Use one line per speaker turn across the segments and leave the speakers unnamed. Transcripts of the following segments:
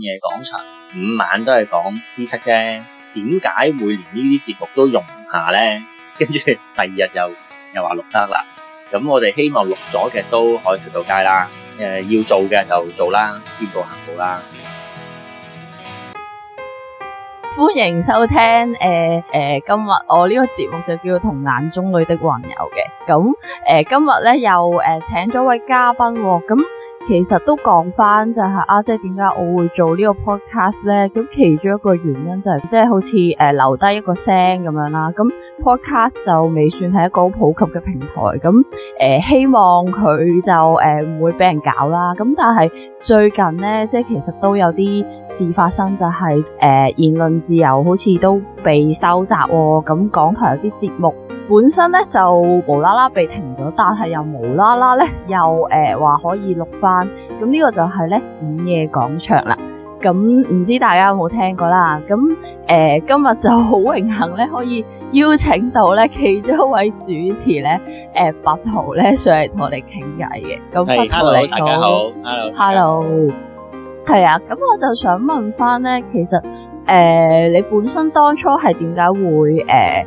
夜講場五晚都係講知識啫，點解會連呢啲節目都容唔下咧？跟住第二日又又話錄得啦，咁我哋希望錄咗嘅都可以出到街啦。誒，要做嘅就做啦，見步行步啦。
歡迎收聽。誒誒，今日我呢個節目就叫《同眼中女的雲遊》嘅。咁誒，今日咧，又誒請咗位嘉賓喎。咁其實都講翻就係啊，即係點解我會做呢個 podcast 咧？咁其中一個原因就係即係好似誒留低一個聲咁樣啦。咁 podcast 就未算係一個好普及嘅平台。咁誒希望佢就誒唔會俾人搞啦。咁但係最近咧，即係其實都有啲事發生，就係誒言論自由好似都被收窄喎。咁港台有啲節目本身咧就無啦啦被停咗，但係又無啦啦咧又誒話、呃、可以錄翻，咁呢個就係咧五夜講場啦。咁唔知大家有冇聽過啦？咁誒、呃、今日就好榮幸咧，可以邀請到咧其中一位主持咧誒，拔濤咧上嚟同我哋傾偈嘅。係，拔濤你好 Hello，Hello 係啊。咁我就想問翻咧，其實誒、呃、你本身當初係點解會誒？呃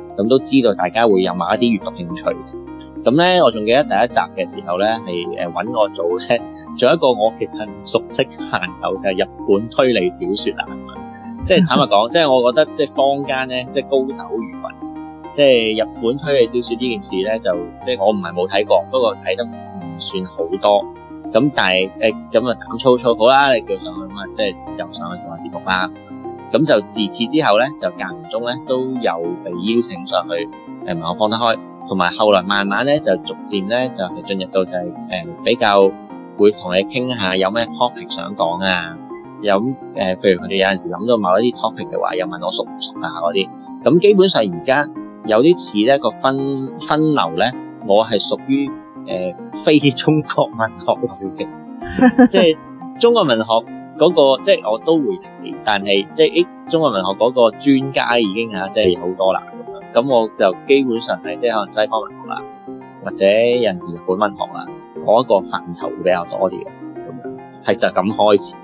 咁都知道大家會有某一啲閲讀興趣嘅，咁咧我仲記得第一集嘅時候咧係誒揾我做咧，做一個我其實唔熟悉嘅範疇就係日本推理小說啊，即係坦白講，即係我覺得即係坊間咧即係高手如雲，即係日本推理小說呢件事咧就即係我唔係冇睇過，不過睇得唔算好多，咁但係誒咁啊膽粗粗好啦，你叫上去嘛，即係又上去做下節目啦。咁就自此之後咧，就間唔中咧都有被邀請上去，誒問我放得開，同埋後來慢慢咧就逐漸咧就進入到就係誒比較會同你傾下有咩 topic 想講啊，有誒譬如佢哋有陣時諗到某一啲 topic 嘅話，又問我熟唔熟啊嗰啲，咁基本上而家有啲似咧個分分流咧，我係屬於誒非中國文學類嘅，即係中國文學。嗰個即係我都會睇，但係即係啲中文文學嗰個專家已經嚇，即係好多啦。咁樣咁我就基本上係即係可能西方文學啦，或者有陣時日本文學啊嗰一個範疇會比較多啲嘅。咁樣係就咁開始。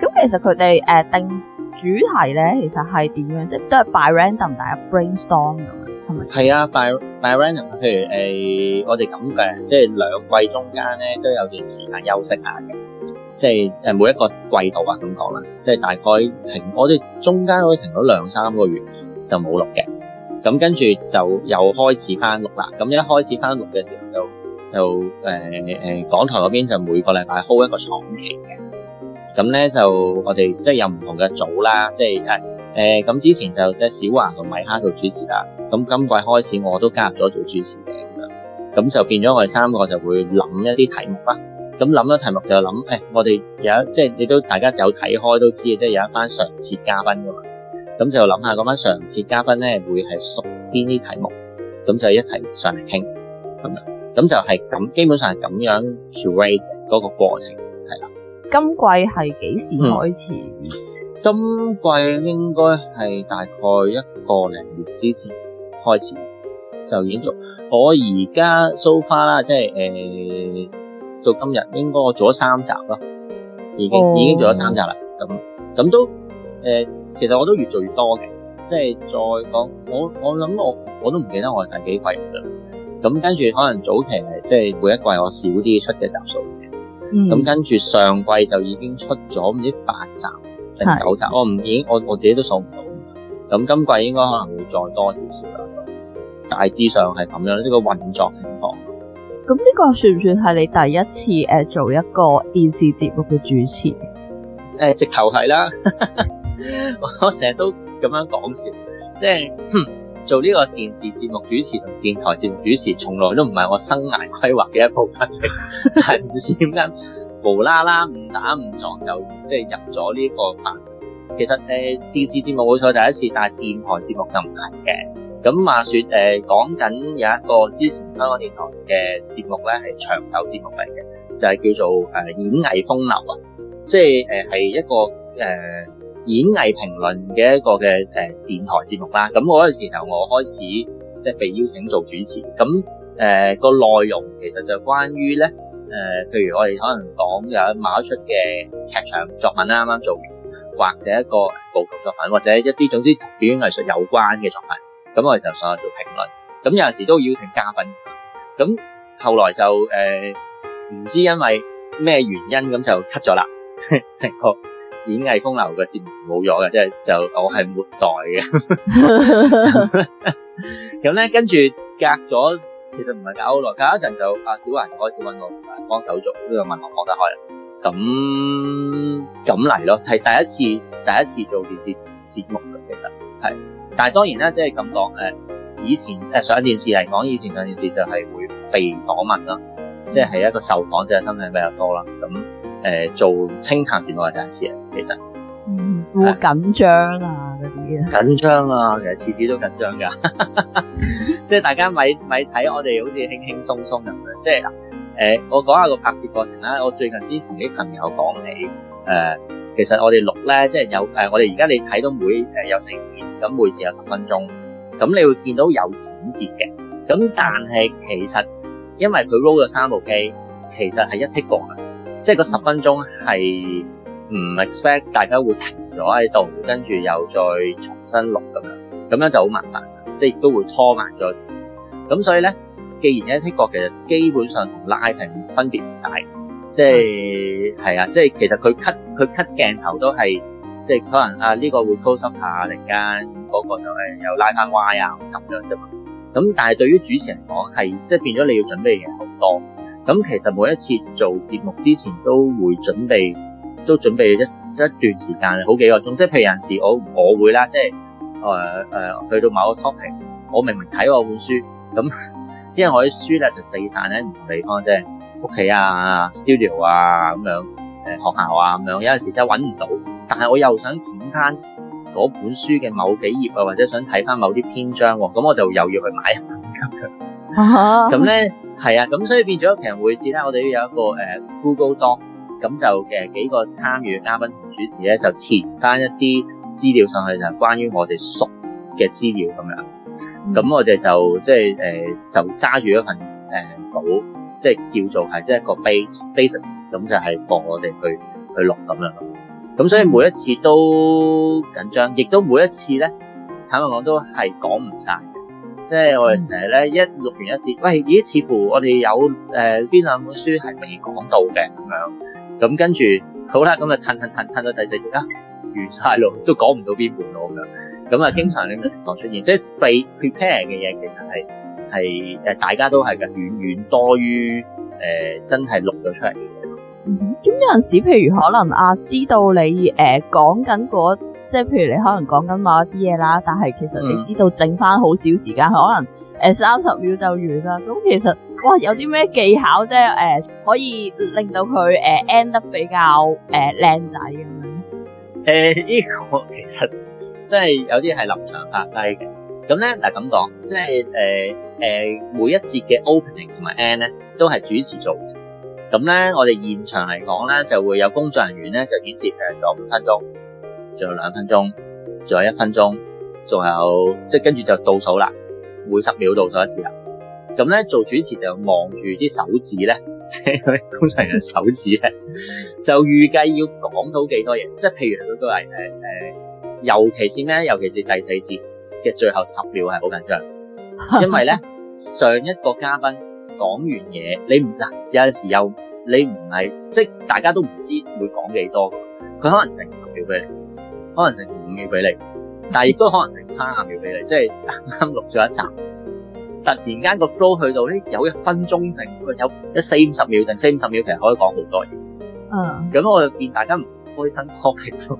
咁其實佢哋誒定主題咧，其實係點樣？即係都係 by random，大家 brainstorm 咁係咪？
係啊，by by random。譬如誒，我哋咁嘅，即係兩季中間咧都有段時間休息下嘅。即係誒，每一個季度啊咁講啦，即係大概停，我哋中間可以停咗兩三個月就冇錄嘅，咁跟住就又開始翻錄啦。咁一開始翻錄嘅時候就就誒誒、呃，港台嗰邊就每個禮拜 call 一個廠期嘅，咁咧就我哋即係有唔同嘅組啦，即係誒誒，咁之前就即係小華同米哈做主持啦，咁今季開始我都加入咗做主持嘅咁樣，咁就變咗我哋三個就會諗一啲題目啦。咁諗咗題目就諗，誒，我哋有即係你都大家有睇開都知嘅，即係有一班常設嘉賓噶嘛。咁就諗下嗰班常設嘉賓咧，會係熟邊啲題目，咁就一齊上嚟傾咁樣。咁就係咁，基本上係咁樣 curate 嗰個過程係啦。
今季係幾時開始？今
季應該係大概一個零月之前開始就已經做。我而家 so far 啦，即係誒。到今日應該我做咗三集咯，已經、oh. 已經做咗三集啦。咁咁都誒、呃，其實我都越做越多嘅。即係再講，我我諗我我都唔記得我係第幾季嘅啦。咁跟住可能早期係即係每一季我少啲出嘅集數嘅。咁、mm hmm. 跟住上季就已經出咗唔知八集定九集，是我唔已經我我自己都數唔到。咁今季應該可能會再多少少啦。大致上係咁樣呢、呢個運作情況。
咁呢個算唔算係你第一次誒、呃、做一個電視節目嘅主持？
誒、呃，直頭係啦，我成日都咁樣講笑，即係做呢個電視節目主持同電台節目主持，從來都唔係我生涯規劃嘅一部分嘅，但係唔知點解無啦啦唔打唔撞就即係入咗呢個其實誒電視節目係我第一次，但係電台節目就唔係嘅。咁話說誒講緊有一個之前香港電台嘅節目咧，係長壽節目嚟嘅，就係叫做誒演藝風流啊，即係誒係一個誒演藝評論嘅一個嘅誒電台節目啦。咁嗰陣時候我開始即係被邀請做主持，咁誒個內容其實就關於咧誒，譬如我哋可能講有某一齣嘅劇場作品啦，啱啱做完。或者一個舞台作品，或者一啲總之同表演藝術有關嘅作品，咁我哋就上去做評論。咁有陣時都邀請嘉賓。咁後來就誒唔知因為咩原因咁就 cut 咗啦，成個演藝風流嘅節目冇咗嘅，即係就我係末代嘅。咁咧，跟住隔咗其實唔係隔好耐，隔一陣就阿小華開始揾我幫手做，都要問我放得開。咁咁嚟咯，係第一次第一次做電視節目嘅，其實係，但係當然啦，即係咁講誒，以前誒、呃、上電視嚟講，以前上電視就係會被訪問啦、啊，即係一個受訪者嘅身份比較多啦，咁、啊、誒、呃、做清談節目嘅第一次其實。
嗯、好緊張啊！嗰啲、啊、
緊張啊，其實次次都緊張㗎，即係大家咪咪睇我哋好似輕輕鬆鬆咁。即係啊，誒、呃，我講下個拍攝過程啦。我最近先同啲朋友講起，誒、呃，其實我哋錄咧，即、就、係、是、有誒、呃，我哋而家你睇到每誒、呃、有四節，咁每節有十分鐘，咁你會見到有剪接嘅，咁但係其實因為佢 roll 咗三部機，其實係一 take 過即係嗰十分鐘係。嗯。唔 expect 大家會停咗喺度，跟住又再重新錄咁樣，咁樣就好麻煩，即係亦都會拖慢咗。咁所以咧，既然一 take 過其實基本上同 live 分別唔大，即係係啊，即係其實佢 cut 佢 cut 鏡頭都係即係可能啊呢個會 close up 下，突然間，嗰個就係又拉翻歪啊咁樣啫嘛。咁但係對於主持嚟講係即係變咗你要準備嘅好多。咁其實每一次做節目之前都會準備。都準備一一段時間，好幾個鐘，即係譬如有陣時我我會啦，即係誒誒去到某個 topic，我明明睇過本書，咁因為我啲書咧就四散喺唔同地方，即係屋企啊、studio 啊咁樣誒、呃、學校啊咁樣，有陣時真係揾唔到。但係我又想檢翻嗰本書嘅某幾頁啊，或者想睇翻某啲篇章喎，咁我就又要去買一本咁樣。咁咧係啊，咁、啊、所以變咗其實每次咧，我哋要有一個誒、呃、Google Doc。咁就誒幾個參與嘅嘉賓同主持咧，就填翻一啲資料上去，就係關於我哋熟嘅資料咁樣。咁我哋就即係誒就揸住一份誒稿，即係叫做係即係一個 basis basis，咁就係放我哋去去錄咁樣。咁所以每一次都緊張，亦都每一次咧坦白講都係講唔晒嘅。即係我哋成日咧一錄完一節，喂，咦，似乎我哋有誒邊兩本書係未講到嘅咁樣。咁跟住，好啦，咁就褪褪褪褪到第四節啦，完曬咯，都講唔到邊盤咯咁樣。咁啊，經常呢個情況出現，即係被 prepare 嘅嘢其實係係誒大家都係嘅，遠遠多於誒真係錄咗出嚟嘅嘢。
嗯哼，咁有陣時，譬如可能啊，知道你誒講緊嗰，即係譬如你可能講緊某一啲嘢啦，但係其實你知道剩翻好少時間，可能誒三十秒就完啦。咁其實。哇！有啲咩技巧即係誒，可以令到佢誒 end 得比較誒靚仔咁樣咧？
誒，呢個其實即係有啲係臨場發揮嘅。咁咧嗱，咁講，即係誒誒，每一節嘅 opening 同埋 end 咧都係主持做嘅。咁咧我哋現場嚟講咧就會有工作人員咧就顯示誒，仲有五分鐘，仲有兩分鐘，仲有一分鐘，仲有即係跟住就倒數啦，每十秒倒數一次啦。咁咧做主持就望住啲手指咧，即係嗰啲工程人嘅手指咧，就預計要講到幾多嘢，即係譬如佢都係誒誒，尤其是咩，尤其是第四節嘅最後十秒係好緊張，因為咧上一個嘉賓講完嘢，你唔嗱有陣時又你唔係即係大家都唔知會講幾多，佢可能剩十秒俾你，可能剩五秒俾你，但係亦都可能剩三十秒俾你，即係啱啱錄咗一集。突然間個 flow 去到咧，有一分鐘剩，有一四五十秒剩，四五十秒其實可以講好多嘢。嗯。咁我就見大家唔開心，topic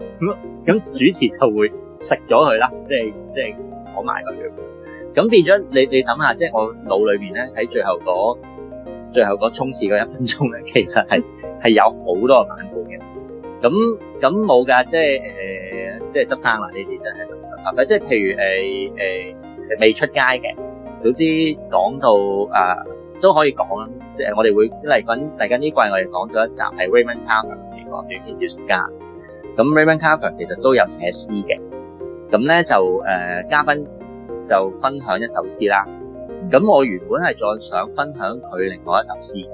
咁主持就會食咗佢啦，即係即係攞埋佢。咁變咗你你等下，即係我腦裏邊咧喺最後嗰最後嗰衝刺嗰一分鐘咧，其實係係有好多板塊嘅。咁咁冇㗎，即係誒即係執生啦呢啲真係。啊，即係譬如誒誒。未出街嘅，總之講到誒都可以講。即係我哋會嚟緊嚟緊呢季，我哋講咗一集係 Raymond Carver 呢個短篇小說家。咁 Raymond Carver 其實都有寫詩嘅。咁咧就誒嘉賓就分享一首詩啦。咁我原本係再想分享佢另外一首詩，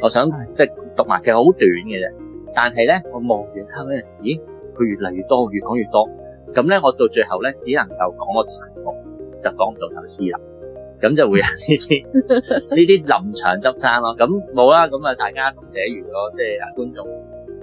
我想即係讀埋嘅好短嘅啫。但係咧，我望住佢 Carver 嗰陣時，咦佢越嚟越多，越講越多。咁咧，我到最後咧只能夠講個題目。就講做首詩啦，咁就會有呢啲呢啲臨場執生咯。咁冇啦，咁啊大家讀者如果即係啊觀眾誒、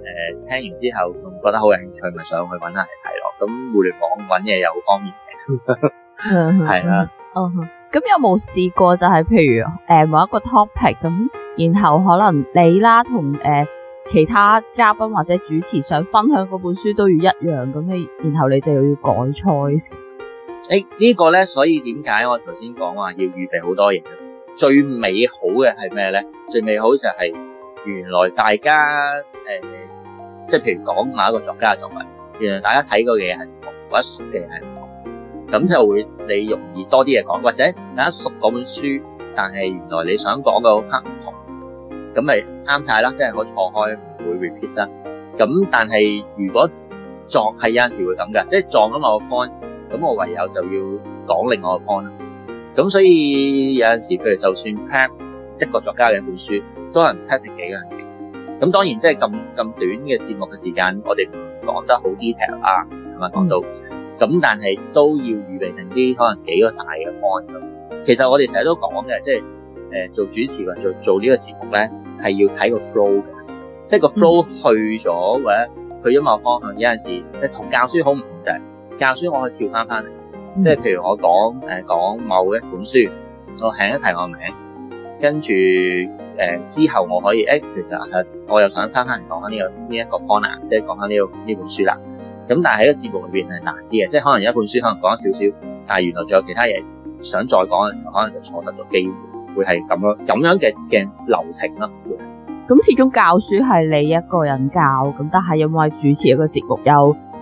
呃、聽完之後仲覺得好有興趣，咪上去揾下嚟睇咯。咁互聯網揾嘢又好方便嘅，
係啦。哦，咁有冇試過就係譬如誒、呃、某一個 topic，咁然後可能你啦同誒其他嘉賓或者主持想分享嗰本書都要一樣咁，你然後你哋又要改 c
誒，呢個咧，所以點解我頭先講話要預備好多嘢？最美好嘅係咩咧？最美好就係原來大家誒，即係譬如講某一個作家嘅作品，原來大家睇過嘅嘢係唔同，或者熟嘅係唔同，咁就會你容易多啲嘢講，或者大家熟嗰本書，但係原來你想講嘅 part 唔同，咁咪啱晒啦，即係我錯開唔會 repeat 啦。咁但係如果撞係有陣時會咁嘅，即係撞咗某個 point。咁我唯有就要講另外個 point 啦。咁所以有陣時，譬如就算 Cap 一個作家嘅一本書，都 Cap 咗幾個人。咁當然即係咁咁短嘅節目嘅時間，我哋唔講得好 detail 啊，琴日講到。咁、嗯、但係都要預備定啲可能幾個大嘅 point。其實我哋成日都講嘅，即係誒做主持或者做呢個節目咧，係要睇個 flow 嘅，即、就、係、是、個 flow 去咗、嗯、或者去咗某方向。有陣時，你同教書好唔同就係。教書我可以跳翻翻嚟，即係譬如我講誒講某一本書，我喺一提我名，跟住誒之後我可以誒其實誒我又想翻翻嚟講翻呢個呢一個 corner，即係講翻呢個呢本書啦。咁但係喺個節目裏邊係難啲嘅，即係可能有一本書可能講少少，但係原來仲有其他嘢想再講嘅時候，可能就錯失咗機會，會係咁樣咁樣嘅嘅流程咯。
咁始終教書係你一個人教，咁但係有冇話主持一個節目有？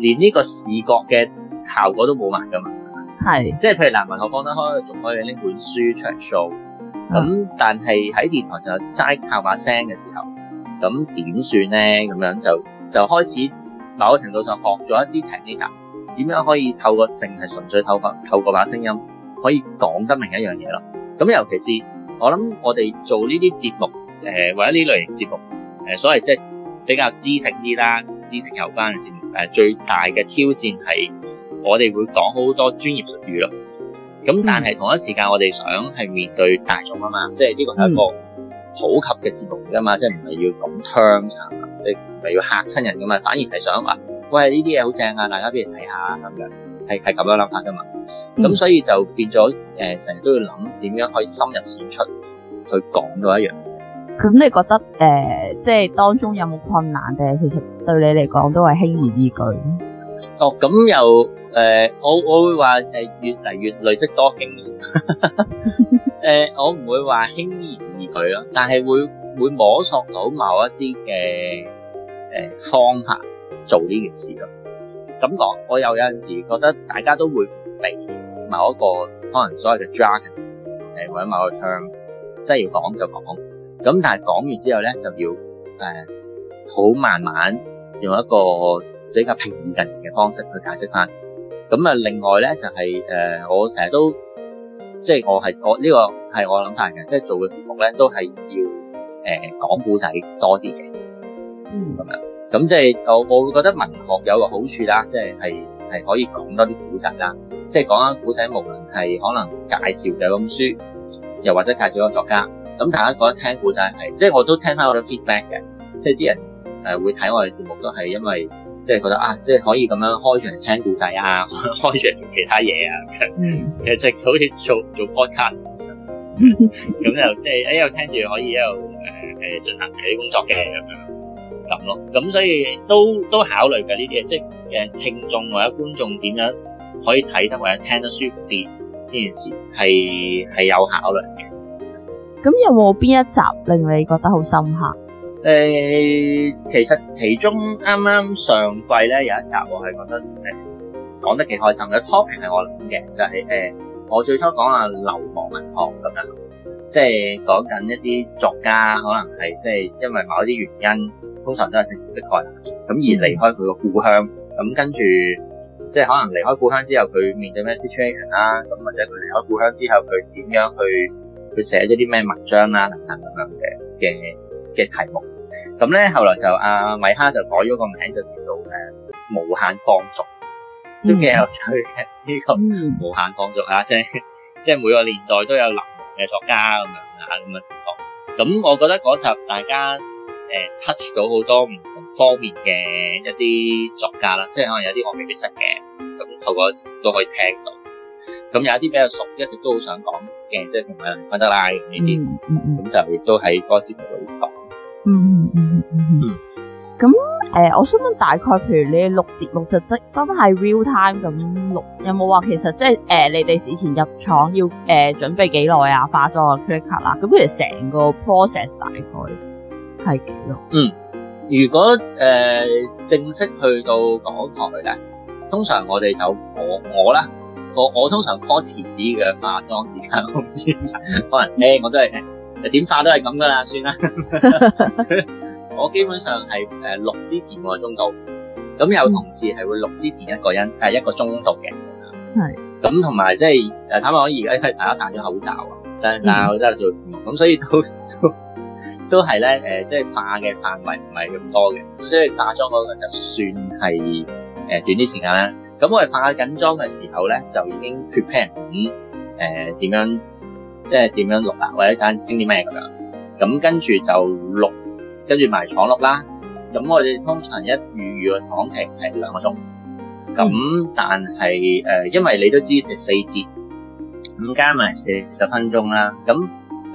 連呢個視覺嘅效果都冇埋㗎嘛，係是，即係譬如南文學放得開仲可以拎本書長 show 咁。嗯、但係喺電台就齋靠把聲嘅時候，咁點算咧？咁樣就就開始某個程度上學咗一啲 technique，點樣可以透過淨係純粹透過透過把聲音可以講得明一樣嘢咯。咁尤其是我諗，我哋做呢啲節目，誒、呃、或者呢類型節目，誒、呃、所謂即係比較知性啲啦，知性有關嘅節目。誒，最大嘅挑戰係我哋會講好多專業術語囉，咁但係同一時間我哋想係面對大眾啊嘛，即係呢個係一個普及嘅節目嚟噶嘛，即係唔係要講 terms 啊，你唔係要嚇親人噶嘛，反而係想話，喂呢啲嘢好正啊，大家不如睇下啊咁樣，係係咁樣諗法噶嘛，咁所以就變咗誒，成日都要諗點樣可以深入淺出去講嗰一樣嘢。
咁你覺得誒，即係當中有冇困難嘅？其實對你嚟講都係輕而易舉。
哦，咁又誒，我我會話誒越嚟越累積多經驗誒，我唔會話輕而易舉咯，但係會會摸索到某一啲嘅誒方法做呢件事咯。咁我我又有陣時覺得大家都會被某一個可能所謂嘅 jargon，誒或者某個 term，即係要講就講。咁但係講完之後咧，就要誒好慢慢用一個比較平易近人嘅方式去解釋翻。咁啊，另外咧就係誒我成日都即係我係我呢個係我諗法嘅，即係做個節目咧都係要誒講古仔多啲嘅，咁樣。咁即係我我會覺得文學有個好處啦，即係係係可以講多啲古仔啦。即係講緊古仔，無論係可能介紹嘅本書，又或者介紹個作家。咁大家覺得聽故仔係，即係我都聽翻好多 feedback 嘅，即係啲人誒會睇我哋節目都係因為即係覺得啊，即係可以咁樣開場聽故仔啊，開場做其他嘢啊，其實就好似做做 podcast 咁，又即係一路聽住可以一路誒誒進行其他工作嘅咁樣咁咯，咁所以都都考慮嘅呢啲嘢，即係誒聽眾或者觀眾點樣可以睇得或者聽得舒服啲呢件事係係有考慮嘅。
咁有冇邊一集令你覺得好深刻？
誒，其實其中啱啱上季咧有一集我係覺得誒講得幾開心嘅。topic 係我諗嘅，就係誒我最初講下流亡文學咁樣，即係講緊一啲作家可能係即係因為某啲原因，通常都係政治的困難咁而離開佢個故鄉咁跟住。即係可能離開故鄉之後，佢面對咩 situation 啦，咁或者佢離開故鄉之後，佢點樣去去寫咗啲咩文章啦，等等咁樣嘅嘅嘅題目。咁咧後來就阿米哈就改咗個名，就叫做誒無限放逐，都幾有趣嘅呢個無限放逐啊！即係即係每個年代都有流亡嘅作家咁樣啊咁嘅情況。咁我覺得嗰集大家。誒、呃、touch 到好多唔同方面嘅一啲作家啦，即係可能有啲我未必識嘅，咁透過都可以聽到。咁有一啲比較熟，一直都好想講嘅，即係同埋林昆德啦，呢啲咁就亦都喺嗰個節目度會講。
嗯嗯嗯嗯咁誒、呃，我想問大概，譬如你錄節目就即真係 real time 咁錄，有冇話其實即係誒、呃？你哋事前入廠要誒、呃、準備幾耐啊？化妝啊 click 啦，咁、啊、譬如成個 process 大概？係幾耐？嗯，如果
誒正式去到港台咧，通常我哋就我我咧個我通常 call 啲嘅化妝時間，我唔知點睇，可能咩我都係點化都係咁噶啦，算啦。我基本上係誒錄之前半個鐘度，咁有同事係會錄之前一個人係一個鐘度嘅，係咁同埋即係誒，坦白講而家因為大家戴咗口罩啊，但係我真係做唔到，咁所以到到。都係咧，誒，即係化嘅範圍唔係咁多嘅，咁所以化妝嗰個就算係誒短啲時間啦。咁我哋化緊妝嘅時候咧，就已經 prepare 好，誒，點樣即係點樣錄啊，或者揀整啲咩咁樣。咁跟住就錄，跟住埋廠錄啦。咁我哋通常一預預個廠期係兩個鐘，咁但係誒，因為你都知係四節，咁加埋四十分鐘啦，咁。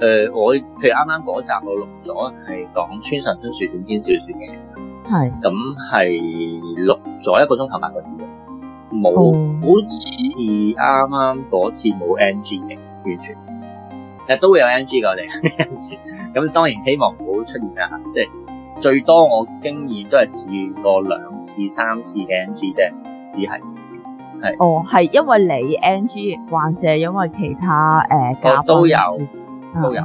誒、呃，我譬如啱啱嗰集我錄咗，係講《村上春樹》短篇小説嘅，係咁係錄咗一個鐘頭八個字。冇、嗯、好似啱啱嗰次冇 N G 嘅，完全誒、呃、都會有 N G 嘅我哋有陣咁當然希望唔好出現啊，即係最多我經驗都係試過兩次、三次嘅 N G 啫，只係係
哦，係因為你 N G，還是係因為其他誒、呃、我都有。呃都有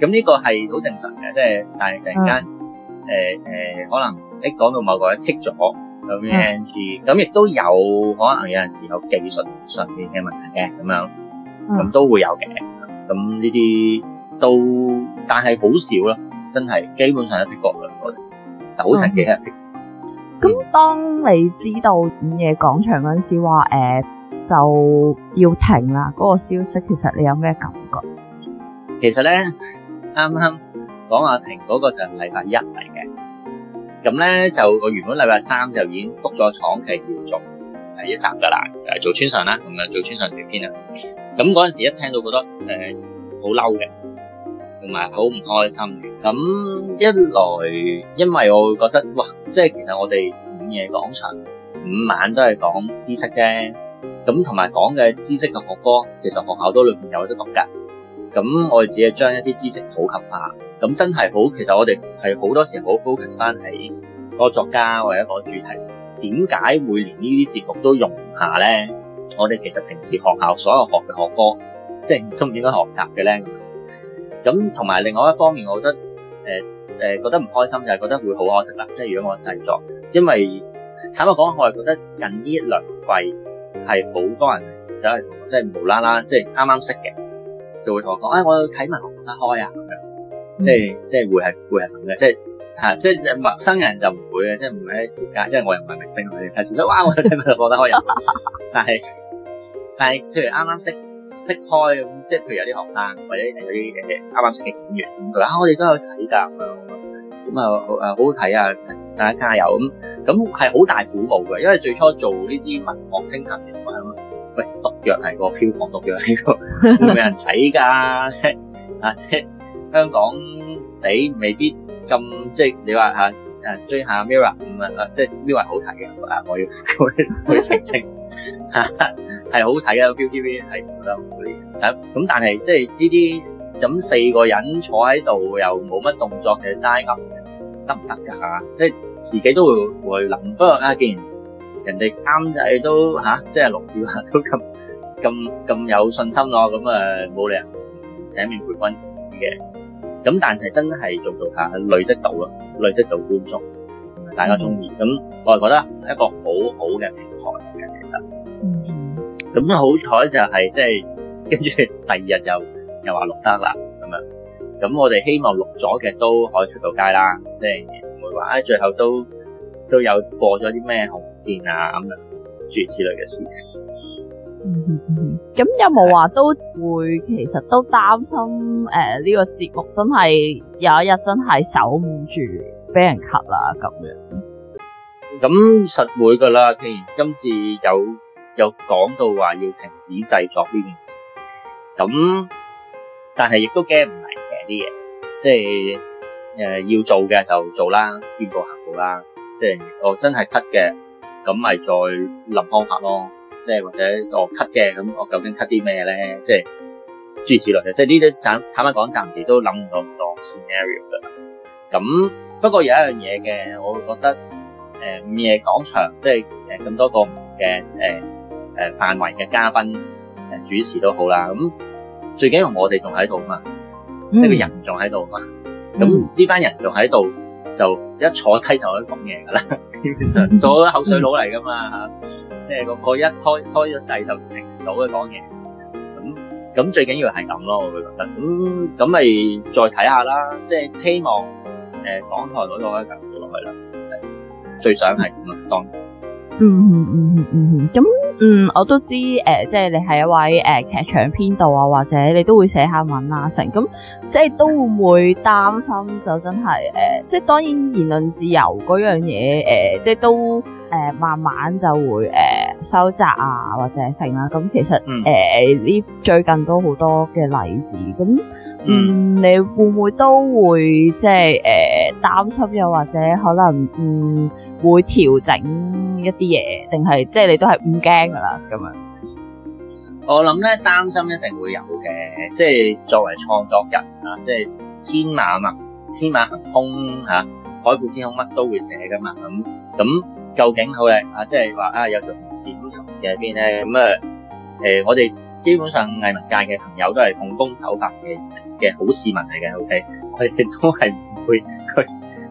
咁呢個係好正常嘅，即係但係突然間誒誒，可能你講到某個位剔咗咁樣 change，咁亦都有可能有陣時有技術上面嘅問題嘅咁樣，咁都會有嘅。咁呢啲都但係好少咯，真係基本上都剔過嘅，好成幾日剔。
咁當你知道五夜講場嗰陣時話誒就要停啦嗰個消息，其實你有咩感覺？
其實咧，啱啱講阿婷嗰個就係禮拜一嚟嘅，咁咧就我原本禮拜三就已經 book 咗廠期要做係一集噶啦，就係做村上啦，咁啊做村上短篇啊，咁嗰陣時一聽到覺得誒好嬲嘅，同埋好唔開心嘅。咁一來，因為我會覺得哇，即係其實我哋五夜講場五晚都係講知識啫，咁同埋講嘅知識嘅學科，其實學校都裏面有得讀㗎。咁我哋只係將一啲知識普及化，咁真係好。其實我哋係好多時好 focus 翻喺個作家或者個主題，點解會連呢啲節目都容唔下咧？我哋其實平時學校所有學嘅學科，即係都唔應該學習嘅咧。咁同埋另外一方面，我覺得誒誒、呃呃、覺得唔開心就係、是、覺得會好可惜啦。即係如果我製作，因為坦白講，我係覺得近呢一兩季係好多人走嚟，即係無啦啦，即係啱啱識嘅。就會同我講啊、哎，我睇文學放得開啊，咁樣即係即係會係會係咁嘅，即係嚇即係陌生人就唔會嘅，即係唔係一條街，即係我又唔係明星嚟嘅，係全部哇，我睇文學放得開啊！但係但係，譬如啱啱識識開咁，即係譬如有啲學生或者啲啲啱啱識嘅演員咁，佢話啊，我哋都有睇㗎咁啊，誒好好睇啊，大家加油咁，咁係好大鼓舞嘅，因為最初做呢啲文學生級嘅時喂，毒藥係個票房毒藥，係個冇人睇噶，即係啊，即係香港地未知咁，即係你話吓誒追下 Mirror 唔係誒，即係 Mirror 好睇嘅，啊我要去澄清，係好睇嘅，TVB 係覺得佢，咁咁但係即係呢啲咁四個人坐喺度又冇乜動作，其實齋噏得唔得噶？即係自己都會會諗，不過阿健。人哋啱仔都嚇，即係六兆都咁咁咁有信心咯，咁啊冇理由寫面培訓嘅。咁但係真係做做下累積到咯，累積到觀眾，大家中意咁，我係覺得一個好好嘅平台嘅其實。嗯。咁好彩就係即係跟住第二日又又話錄得啦咁樣。咁我哋希望錄咗嘅都可以出到街啦，即係唔會話唉最後都。都有過咗啲咩紅線啊，咁樣諸如此類嘅事情。
咁有冇話都會？其實都擔心誒呢個節目真係有一日真係守唔住，俾人 cut 啦咁樣。
咁實會㗎啦，既然今次有有講到話要停止製作呢件事，咁但係亦都驚唔嚟嘅啲嘢，即係誒要做嘅就做啦，見步行步啦。即係我真係 cut 嘅，咁咪再諗方法咯。即係或者我 cut 嘅，咁我究竟 cut 啲咩咧？即係諸如此類嘅。即係呢啲暫，坦白講暫時都諗唔到咁多 scenario 㗎。咁不過有一樣嘢嘅，我會覺得誒五夜講場，即係誒咁多個唔同嘅誒誒範圍嘅嘉賓誒主持都好啦。咁最緊要我哋仲喺度嘛，即係個人仲喺度嘛。咁呢班人仲喺度，就一坐低就可以講嘢噶啦，基本上做咗口水佬嚟噶嘛，即係個個一開開咗掣就停唔到嘅講嘢，咁咁最緊要係咁咯，我會覺得，咁咁咪再睇下啦，即係希望誒、呃、港台嗰度可以繼續落去啦，最想係咁咯， 當
嗯嗯嗯嗯嗯嗯，咁嗯我都知誒、呃，即係你係一位誒劇場編導啊，或者你都會寫下文啊成，咁即係都會唔會擔心就真係誒、呃，即係當然言論自由嗰樣嘢誒、呃，即係都誒、呃、慢慢就會誒、呃、收窄啊或者成啦、啊，咁其實誒呢、呃嗯、最近都好多嘅例子，咁嗯你會唔會都會即係誒擔心又或者可能嗯？會調整一啲嘢，定係即係你都係唔驚噶啦咁樣。
我諗咧，擔心一定會有嘅，即係作為創作人啊，即係天馬嘛，天馬行空啊，海闊天空乜都會寫噶嘛。咁咁究竟好咧啊？即係話啊，有條紅線，紅線喺邊咧？咁啊，誒，我哋基本上藝文界嘅朋友都係奉公守法嘅嘅好市民嚟嘅，O K，我哋都係。會去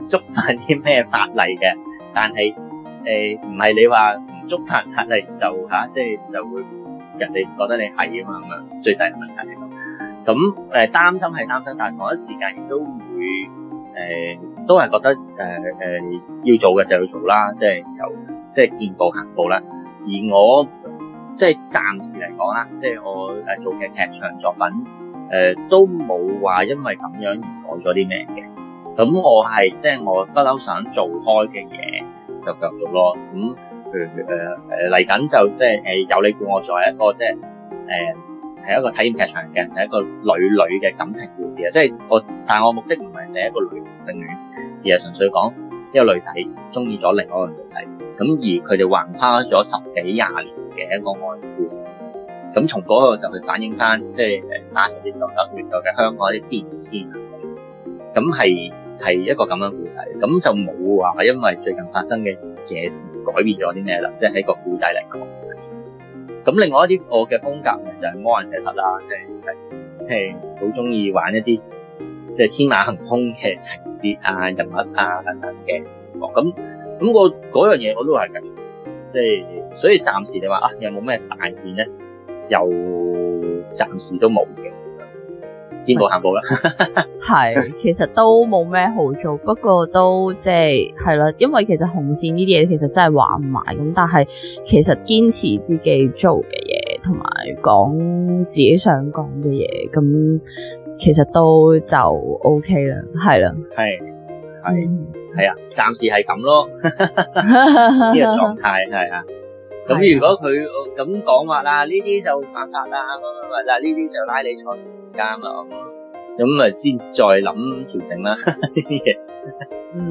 觸犯啲咩法例嘅，但係誒唔係你話唔觸犯法例就吓，即係就會人哋唔覺得你係啊嘛咁樣，最大嘅問題嚟到咁誒擔心係擔心，但係同一時間亦都會誒都係覺得誒誒要做嘅就去做啦，即係有即係見步行步啦。而我即係暫時嚟講啦，即係我誒做嘅劇場作品誒都冇話因為咁樣而改咗啲咩嘅。咁我係即係我不嬲想做開嘅嘢就繼續咯。咁誒誒誒嚟緊就即係誒有你叫我作為一個即係誒係一個體驗劇場嘅，就係一個女女嘅感情故事啊，即係我，但係我目的唔係寫一個女同性戀，而係純粹講一個女仔中意咗另外一個女仔，咁而佢哋橫跨咗十幾廿年嘅一個愛情故事。咁從嗰個就去反映翻，即係誒八十年代、九十年代嘅香港啲變遷啊，咁係。係一個咁樣故仔，咁就冇話因為最近發生嘅嘢而改變咗啲咩啦，即係喺個故仔嚟講。咁另外一啲我嘅風格就係魔幻寫實啦，即係即係好中意玩一啲即係天馬行空嘅情節啊、人物啊等等嘅情況。咁咁我嗰樣嘢我都係繼續，即係所以暫時你話啊有冇咩大變咧？又暫時都冇嘅。見步行步
啦， 係其實都冇咩好做，不過都即係係啦，因為其實紅線呢啲嘢，其實真係話唔埋咁，但係其實堅持自己做嘅嘢，同埋講自己想講嘅嘢，咁其實都就 O K 啦，係啦，係係
係啊，嗯，暫時係咁囉，呢
個狀
態係啊。 咁如果佢咁講話啦，呢啲就犯法啦，咁樣啦，嗱呢啲就拉你坐成間啦，咁咁啊先再諗調整啦。嗯，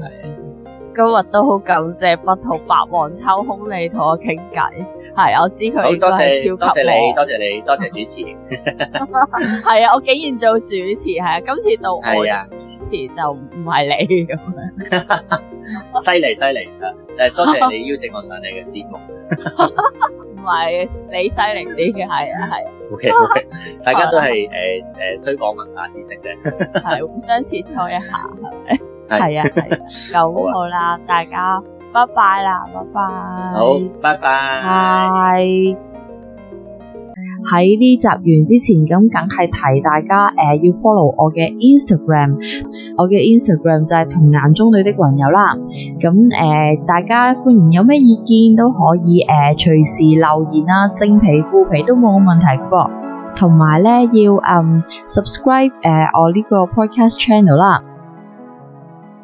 係啊，今日都好感謝甄拔濤抽空你同我傾偈。係啊，我知佢應該係超級。好多謝你，多謝
你，多謝主持。
係啊，我竟然做主持，係啊，今次到我主持就唔係你咁樣。犀利，犀利啊！
誒，多謝你邀請我上嚟 你嘅節目，
唔係你犀利啲嘅，係啊係。O.K. okay.
大家都係誒誒推廣
文化知識啫，係互相切磋一下，係啊係。咁好啦，好大家拜拜啦，好拜拜。好，拜拜。拜拜。喺呢集完之前，咁梗係提大家，呃、要 follow 我嘅 Instagram，我嘅 Instagram 就係同眼中女的群友啦。咁、呃、大家歡迎，有咩意見都可以誒、呃、隨時留言啦，精皮粗皮都冇問題噶噃。同埋呢，要、um, subscribe、呃、我呢個 podcast channel 啦。